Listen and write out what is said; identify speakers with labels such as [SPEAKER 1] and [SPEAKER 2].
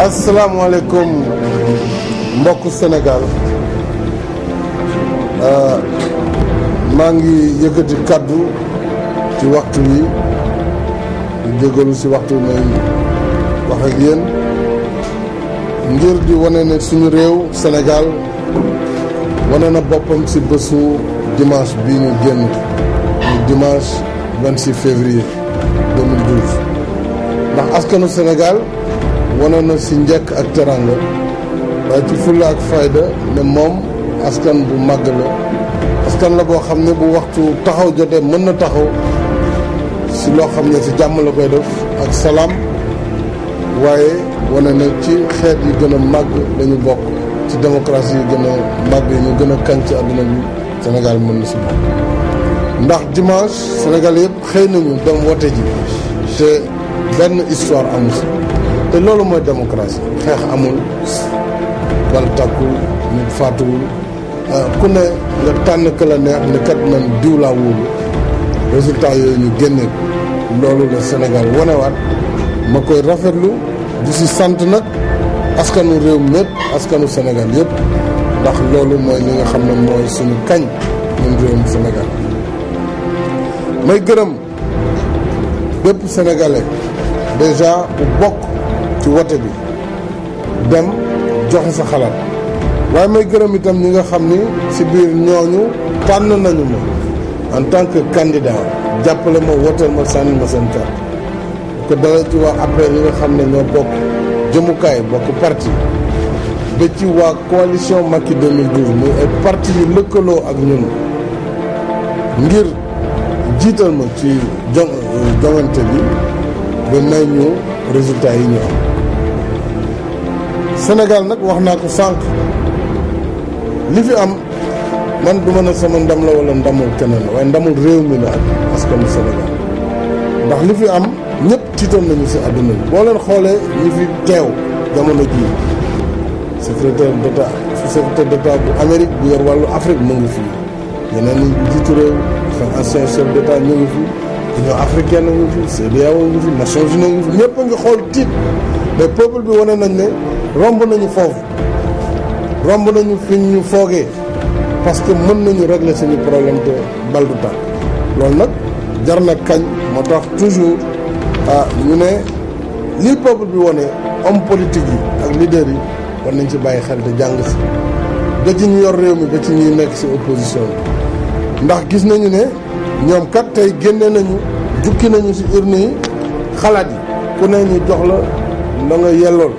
[SPEAKER 1] asalaamaaleykum mbokku Sénégal euh, maa ngi yëkkati kàddu ci waxtu wi di jégalu si waxtu may wax ak yéen ngir di wane ne suñu réew Sénégal wane na boppam si bésu dimanche bi ñu génn ñu dimanche 26 février 2012 ndax askanu Sénégal. wane na si njëkk ak teranga waaye ci fulla ak fayda ne moom askan bu màgg la askan la boo xam ne bu waxtu taxaw jotee mën na taxaw ci loo xam ne si jàmm la koy def ak salaam waaye wane na ci xeet yi gën màgg lañu bokk ci démocratie yi gën màgg yi ñu gën a kañ ci àdduna bi Sénégal mën na si bokk ndax dimanche senegal yëpp xëy nañu dem wote ji te benn histoire amu si te loolu mooy démocratie xeex amul bal takkul nit faatuwul euh, ku ne nga tànn ka la neex ne man diw laa résultat yooyu ñu génne loolu la Sénégal wanewaat ma koy rafetlu di si sant nag askanu réew mépp askanu Sénégal yëpp ndax loolu mooy li nga xam ne mooy suñu kañ ñun réewum Sénégal may gërëm bépp sénégalais déjà bu bokk ci wote bi dem joxe sa xalaat waaye may gërëm itam ñi nga xam ni si biir ñooñu tànn nañu ma en tant que candidat jàppale ma woteel ma sànni ma seen carte ko dalal ci waa après yi nga xam ne ñoo bokk jëmukaay bokk parti ba ci waa coalition Macky 2012 muy ay parti yi lëkkaloo ak ñun ngir jiital ma ci jo joŋante bi ba may ñu résultat yi ñu Sénégal nag wax naa ko sànq li fi am man du ma ne sama ndam la wala ndamul keneen la waaye ndamul réew mi la ak askanu Sénégal ndax li fi am ñëpp tiitoon nañu si àdduna bi boo leen xoolee ñi fi teew jamono jii secrétaire d'état secrétaire d'état bu Amérique bu yor wàllu Afrique mu ngi fii ñeneen ñi jiitu réew seen ancien chef d'état ñu ngi fi union africaine ngi fi CEDEAO ngi fi nations unies ngi fi ñëpp a ngi xool tiit mais peuple bi wane romb nañu foofu romb nañu fi ñu foogee parce que mën nañu régler suñu problème de bal du tàkk nag jar na kañ moo tax toujours ah, ñu ne li peuple bi wane homme politique yi ak leader yi war nañ ci bàyyi xel te jàng si ba ci ñu yor réew mi ba ci ñuy nekk si opposition bi ndax gis nañu ne ñoom kat tey génne nañu jukki nañu si urne yi xalaat yi ku ne ñu jox la la nga yellool